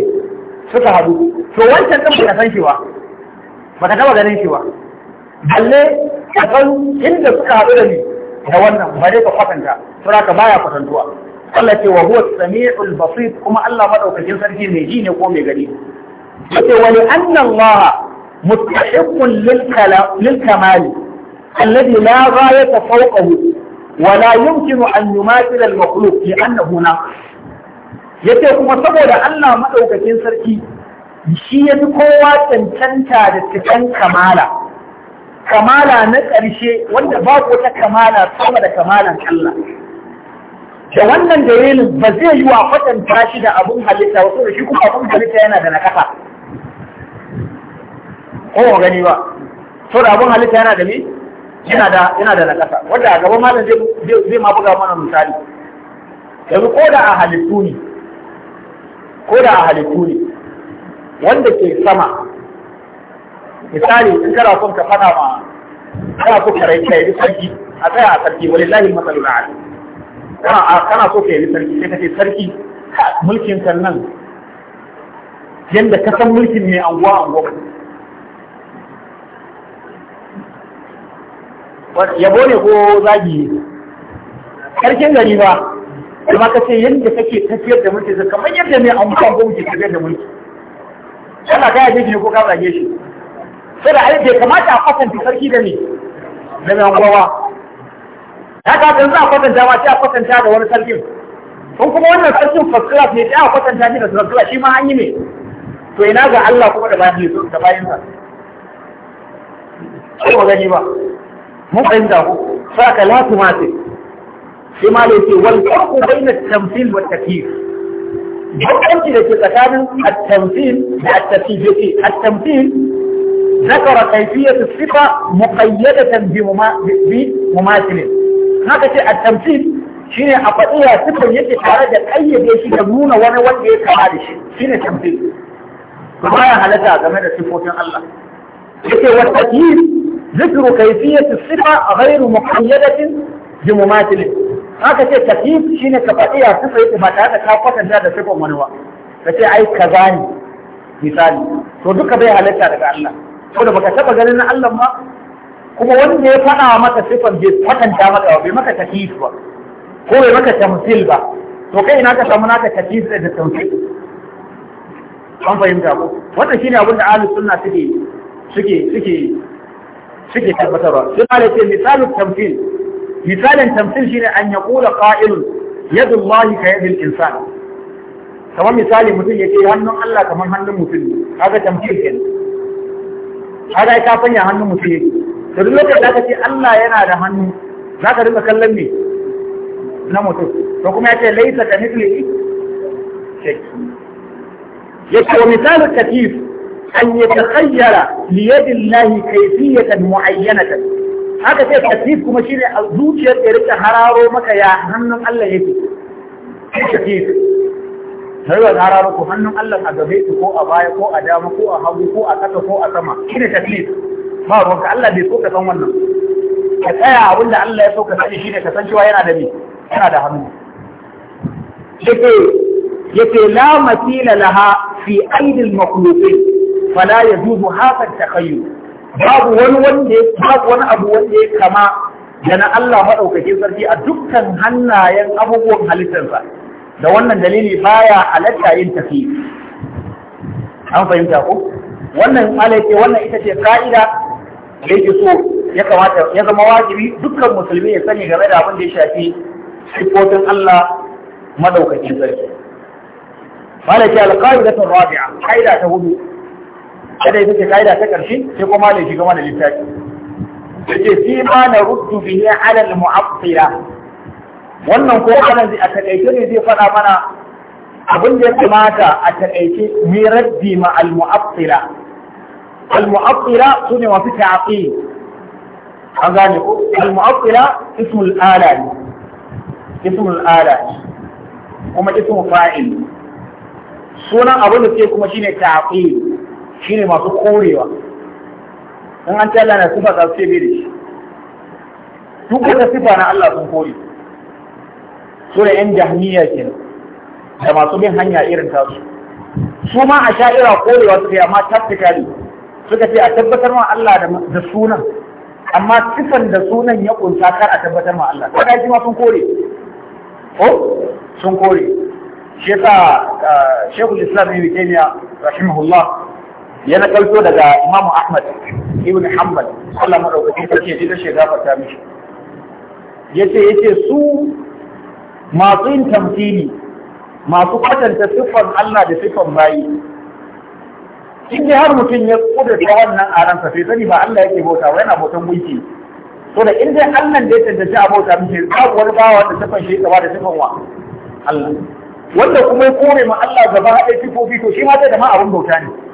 suka hadu to wancan din baka san shi ba baka taba ganin shi ba balle ka san inda suka haɗu da ni da wannan ba dai ka kwatanta sura ka baya kwatantuwa Allah ce wa huwa samiul basir kuma Allah madaukakin sarki mai ji ne ko mai gani yace wa li anna Allah muttahiqun lil kamal alladhi la ghayata fawqahu wa la yumkinu an yumathila al makhluq li annahu naqis yace kuma saboda Allah madaukakin sarki shi ya fi kowa cancanta da cikin kamala kamala na ƙarshe wanda babu wata kamala sama da kamalan Allah da wannan dalilin ba zai yi wa kwatanta shi da abin halitta ba, da shi kuma abin halitta yana da naƙasa. ko gani ba to da abun halitta yana da mi yana da yana da nakasa wanda a gaban malam zai zai ma buga mana misali yanzu ko da a halittu ne ko da a halittu ne wanda ke sama misali in kana son ka fada ma kana so ka rai kai sarki a tsaya a sarki walillahi masalul a'la kana kana so ka yi sarki sai ka ce sarki mulkin kan nan yanda ka san mulkin mai anguwa anguwa yabo ne ko zagi karshen gari ba kuma ka ce yadda kake tafiyar da mulki kamar yadda mai amfani ko mulki tafiyar da mulki Yana ka yaje shi ko ka zage shi sai da ai bai kamata a kwatanta sarki da ni da mai Ya haka kan za a kwatanta ma sai a kwatanta da wani sarkin kun kuma wannan sarkin first ne sai a kwatanta shi da first shi ma an yi ne to ina ga Allah kuma da bayan da bayan sa ko gani ba mun fahimta ku saka la tumatil sai ma yake wal farqu bayna at-tamthil wa at bambanci da ke tsakanin a tamthil da a at-takyif yake at sifa ذكر كيفية الصفة mu بمماثل هكذا التمثيل ce a shi ne faɗi ya sifar yake tare da ƙayyade shi da nuna wani wanda ya kama da shi shine tamfil to ya halatta game da sifofin Allah yake wata takyif ذكر كيفية الصفة غير مقيدة بمماثل haka ce takif shine ka faɗi ya sufa yake ba tare da ka kwatanta da sifan wani ba ka ce ai kaza ne misali to duka bai halitta daga Allah to da baka taba ganin Allah ma. kuma wanda ya faɗa maka sifan bai kwatanta maka ba bai maka takif ba ko bai maka tamthil ba to kai ina ka samu naka takif da tamthil an fahimta ko wannan shine abin da ahlus sunna suke suke suke suke tabbatarwa sai malai ce misalin tamfil misalin tamfil shine an ya kula qa'il yadullahi ka yadil insan kamar misali mutum ya ce hannun Allah kamar hannun mutum ne kaga tamfil kenan kaga ai ka fanya hannun mutum yake to duk lokacin da kace Allah yana da hannu zaka dinga kallon me na mutum to kuma yace laysa kamithlihi shay yake wa misalin katif أن يتخيل ليد الله كيفية معينة هذا كيف تكليف كما شيء الزوج يرك هرارو مكا يا هنم الله يكي شكيف هل هرارو كو هنم الله أدبيت كو أبايا كو أدام كو أهو كو أكت كو أتما كين تكليف ما ربك الله بيكوك تمنى كتايا أقول الله يسوك سألي شين كتنشوا هنا دمي هنا ده هم يكي يكي لا مثيل لها في أيد المخلوقين fala ya zuzu hakan takayyu babu wani wanda babu wani abu wanda ya kama da na Allah maɗaukakin sarki a dukkan hannayen abubuwan halittarsa da wannan dalili baya halatta yin tafi an fahimta ko wannan malaike wannan ita ce ka'ida da yake so ya kamata ya zama wajibi dukkan musulmi ya sani game da abin da ya shafi sifofin Allah maɗaukakin sarki malaike alqaidatu rabi'a kaida ta hudu kada ita ce kaida ta karshe sai kuma da shiga mana littafi yace fi ma na ruddu bihi ala al mu'attila wannan ko anan a takaice ne zai faɗa mana abin da ya kamata a takaice mi raddi ma al mu'attila al mu'attila sune masu ta'qil an gane ko al mu'attila ismul ala ne ismul ala kuma ismul fa'il sunan abin da ke kuma shine ta'qil Shi ne masu korewa Don an ce na sifa za su ce bai da shi duk wata sifa na Allah sun kore su da yan jahmiya kenan da masu bin hanya irin tasu su ma a sha'ira korewa suka yi amma tactically suka ce a tabbatar ma Allah da sunan amma sifan da sunan ya kunsa kar a tabbatar ma Allah kaga shi ma sun kore ko sun kore shi yasa ah, Sheikhul Islam Ibn Taymiyyah rahimahullah ya nakalto daga Imam Ahmad ibn Hanbal Allah maɗaukacin sarki ya ji da shiga fata mishi ya ce su masu yin tamfili masu kwatanta siffar Allah da siffar bayi in dai har mutum ya kudurta wannan a ransa sai sani ba Allah yake bauta ba yana bautan gunki to da in dai Allah da ya tantance a bauta mishi babu wani bawa da siffar shi gaba da siffar wa Allah wanda kuma ya kore ma Allah gaba haɗe sifofi to shi ma zai da ma abin bauta ne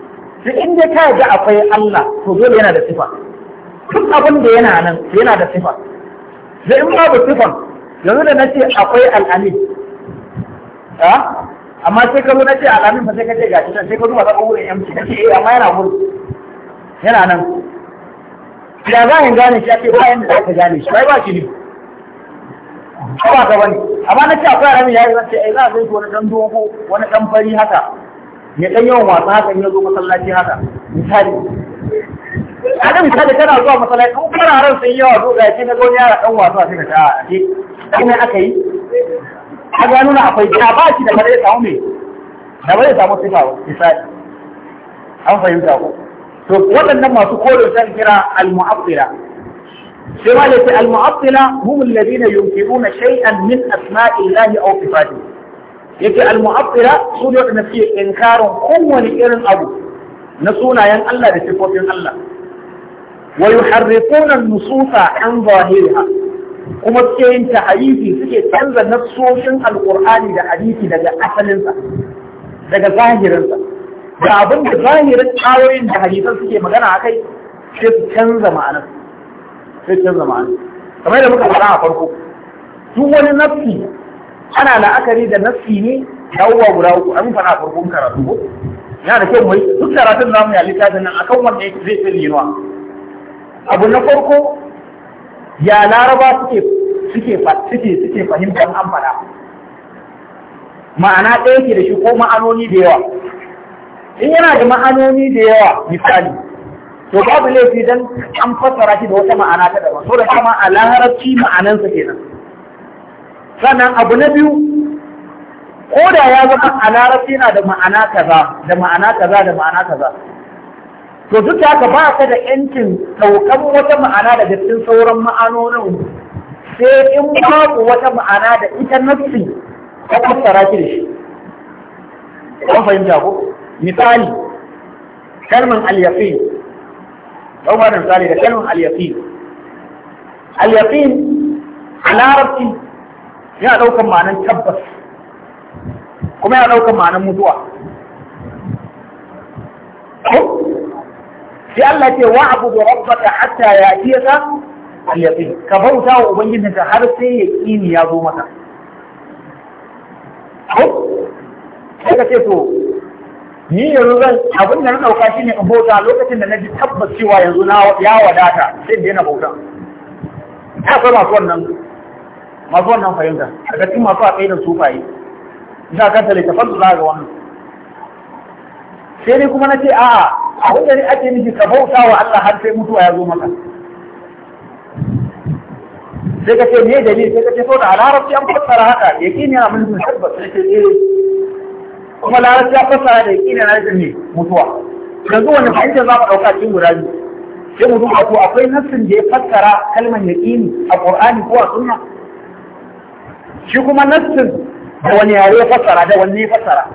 In inda ta ga akwai Allah to dole yana da sifa duk abin da yana nan yana da sifa da in babu sifa yanzu da nace akwai al'amin a amma sai ka zo nace al'amin ba sai ka ce gashi nan sai ka zuba sabon wurin yamci nace eh amma yana wurin yana nan Ya za in gane shi ake bayan da za ka gane shi bai ba shi ne ba ka bane amma nace akwai al'amin yi nace eh za a zai wani dan dogo wani dan fari haka ya dan yawan wasa haka ya zo masallaci haka misali kaga misali kana zuwa masallaci ko kana ran sun yawa zo ga shi na zo yara dan wasa sai ka ta a ce kuma aka yi a ga nuna akwai da ba shi da ba zai samu me da ba zai samu sifa ba misali an fahimta ko to waɗannan masu kore san kira al-mu'abbira sai ma da al-mu'abbira hum alladhina yunkiruna shay'an min asma'illahi aw sifatihi yace al-mu'attila su ne wadanda suke inkarin kowane irin abu na sunayen Allah da sifofin Allah wa yuharrifuna nususa an zahiriha kuma suke yin taharifi suke canza nassoshin alqur'ani da hadisi daga asalinsa daga zahirinsa da abin da zahirin ayoyin da hadisan suke magana akai sai su canza ma'anar sai canza ma'anar kamar da muka faɗa a farko duk wani nafsi ana la'akari da nafsi ne yawwa guda uku an fara farkon karatu ko yana da kyau mai duk karatun namu ya littafin nan akan wanda zai tsiri linuwa abu na farko ya laraba suke suke suke suke fahimtar an fara ma'ana ɗaya ke da shi ko ma'anoni da yawa in yana da ma'anoni da yawa misali to babu laifi dan an fassara shi da wata ma'ana ta daban saboda da a larabci ma'anansa kenan sannan abu na biyu ko da ya zama a larabci yana da ma'ana kaza da ma'ana kaza da ma'ana kaza to duk da haka ba ka da yancin saukan wata ma'ana daga cikin sauran ma'anonin sai in babu wata ma'ana da ita nafsi ta fassara ki da shi an fahimta ko misali kalman al-yaqin ɗan misali da kalman al-yaqin al-yaqin a larabci yana ɗaukar ma'anan tabbas kuma yana ɗaukar ma'anan mutuwa sai Allah ce wa abu da rabbaka hatta ya iya ka al ka bauta wa ubangijinka har sai yaqini ya zo maka sai ka ce to ni yanzu zan abin da na shi ne in bauta lokacin da na ji tabbas cewa yanzu ya wadata sai da na bauta ta kuma masu wannan masu wannan fahimta a cikin masu da sufaye za ka tale ta fadu ga wannan sai dai kuma na ce a'a a da ne ake miji ka bauta wa Allah har sai mutuwa ya zo maka sai ka ce da ne sai ka ce to da larabci an fassara haka yaqini yana mulkin tabbas sai ce ne eh. kuma larabci ya fassara da yaqini na da ne mutuwa yanzu wani fahimta za mu ɗauka cikin guda biyu sai mu duba ko akwai nassin da ya fassara kalmar yaqini a Qur'ani ko a Sunna shi kuma nassin da wani yare ya fassara da wani ya fassara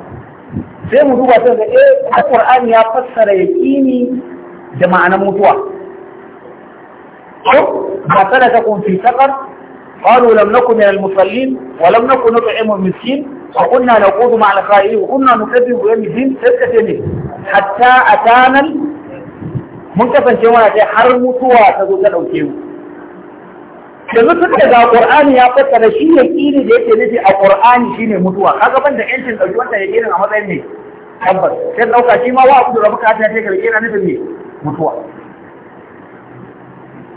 sai mu duba sai ga eh alqur'ani ya fassara yaqini da ma'anar mutuwa ba sana ta kun fi saqar قالوا لم نكن من المصلين ولم نكن نطعم المسكين وكنا نقود مع الخائرين وكنا نكذب بيوم الدين سكتني حتى اتانا mun kasance mana sai har mutuwa ta zo ta ɗauke mu yanzu tun da ga Qur'ani ya fassara shi ne kiri da yake nufi a Qur'ani shine mutuwa kaga ban da yancin dauki wanda ya kira a matsayin ne tabbas sai dauka shi ma wa abu da baka ta take kira nufin ne mutuwa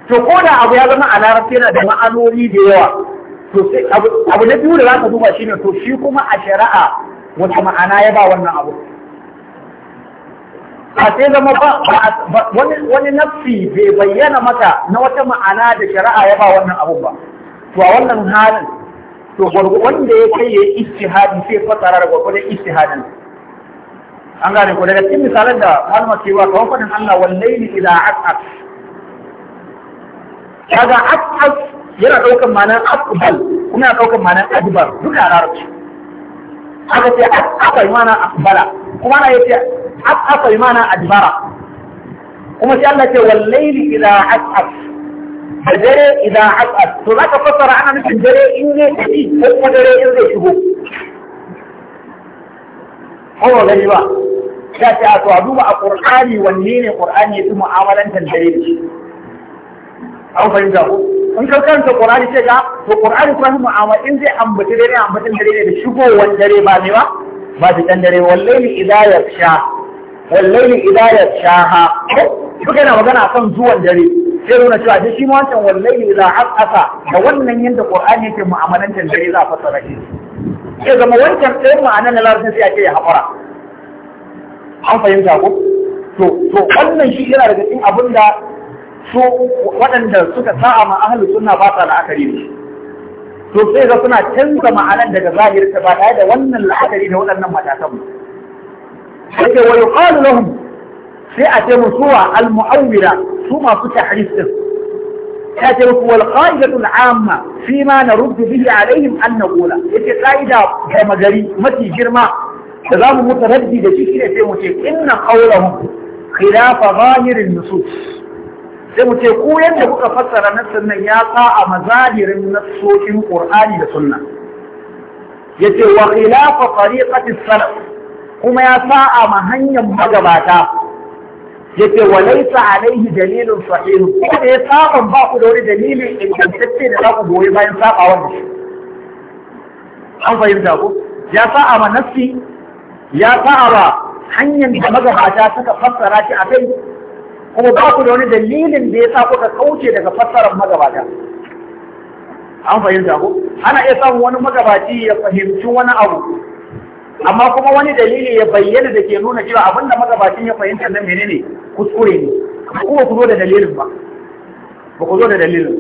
to ko da abu ya zama a larabci yana da ma'anoni da yawa to abu na biyu da za ka duba shine to shi kuma a shari'a wata ma'ana ya ba wannan abu a sai zama ba wani nafsi bai bayyana mata na wata ma'ana da shari'a ya ba wannan abun ba to a wannan halin to wanda ya kai ya istihadi sai fasara da gwargwadon istihadin an gane ko daga cikin misalan da malama cewa kawai fadin Allah wallahi ila as'as kaga as'as yana daukan ma'anar asbal kuma yana daukan ma'anar adbar duka a larabci aka ce as'aba yana asbala kuma ana yace as'afa bi ma'ana adbara kuma sai Allah ce wallaili idza as'af da dare idza as'af to zaka fassara ana nufin dare in zai tafi ko kuma dare in zai shigo ko ba gani ba ya ce a to a duba a qur'ani wanne ne qur'ani ya fi mu'amalantar dare ne an fahimta ko in ka karanta qur'ani sai ga to qur'ani kuma mu'amala in zai ambaci dare ambatin dare ne da shigowar dare ba ne ba ba da dan dare wallahi idza yaksha wallaili idan ya shaha duka na magana kan zuwan dare sai nuna cewa duk shi wancan wallaili idan asasa da wannan yadda qur'ani yake mu'amalantar dare za a fassara shi sai zama wancan ɗayan ma'anar na larabci sai a ce ya haƙura an fahimta ko to to wannan shi yana daga cikin abin da su waɗanda suka sa'a ma ahlus sunna ba sa la'akari da shi to sai ga suna canza ma'anar daga ta ba tare da wannan la'akari da waɗannan matakan ba yake wa yuqalu lahum sai a ce musu wa al-mu'awwila su masu tahrif din ya ce musu wal qa'idatu al-amma fi ma naruddu bihi alaihim an naqula yake qa'ida ga magari mafi girma da za mu mutu raddi da shi shine sai mu ce inna qawlahum khilafa zahirin nusus sai mu ce ku yadda kuka fassara nassin nan ya sa a mazahirin nassoshin Qur'ani da Sunna yace wa khilafa tariqati salaf kuma ya sa'a ma hanyar magabata yace wa laysa alaihi dalilin sahih kuma da ya sa'a ba ku da wani dalili ingantacce da za ku goyi bayan sa'a wannan an fahimta ku ya sa'a ma nassi ya sa'a ba hanyar da magabata suka fassara shi a kai kuma ba ku da wani dalilin da ya sa kuka kauce daga fassarar magabata an fahimta ku ana iya samun wani magabaci ya fahimci wani abu amma kuma wani dalili ya bayyana da ke nuna cewa abin da magabacin ya fahimta nan ne kuskure ne kuma ku zo da dalilin ba ba ku zo da dalilin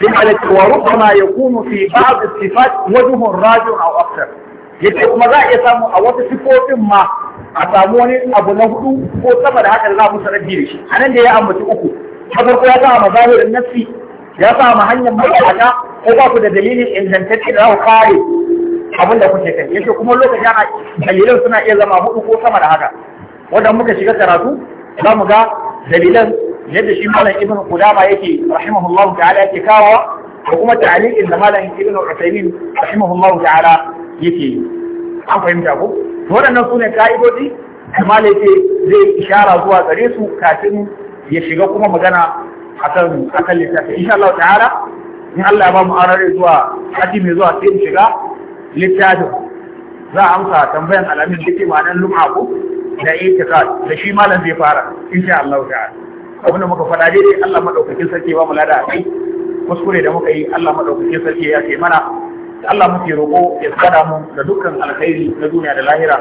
sai malaka wa rubbama yakunu fi ba'd sifat wajhun rajun aw akthar yace kuma za a iya samu a wasu sifofin ma a samu wani abu na hudu ko sama da haka da za mu sanar da shi anan da ya ambaci uku ta farko ya sa ma zahirin nafsi ya sa ma hanyar mutaka ko ba ku da dalilin ingantacce da za ku kare abin da kuke kai yace kuma lokaci ana dalilan suna iya zama hudu ko sama da haka wanda muka shiga karatu za mu ga dalilan yadda shi malam ibnu qudama yake rahimahullahu ta'ala yake kawo ko kuma ta'liqin da malam ibnu usaymin rahimahullahu ta'ala yake an fahimta ko to waɗannan sune ka'idodi da malam yake zai ishara zuwa gare su kafin ya shiga kuma magana akan akan littafi insha Allah ta'ala in Allah ya ba mu arare zuwa hadi mai zuwa sai shiga littafin za a amsa tambayan alamin da ke ma'anar lum'a ko da itikad da shi malam zai fara insha Allah ta'ala abin da muka faɗa dai Allah madaukakin sarki ba mu lada a kai kuskure da muka yi Allah madaukakin sarki ya ce mana Allah muke roƙo ya tsada mu da dukkan alkhairi na duniya da lahira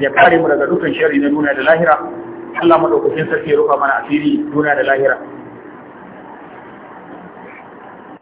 ya kare mu daga dukkan sharri na duniya da lahira Allah madaukakin sarki ya rufa mana asiri duniya da lahira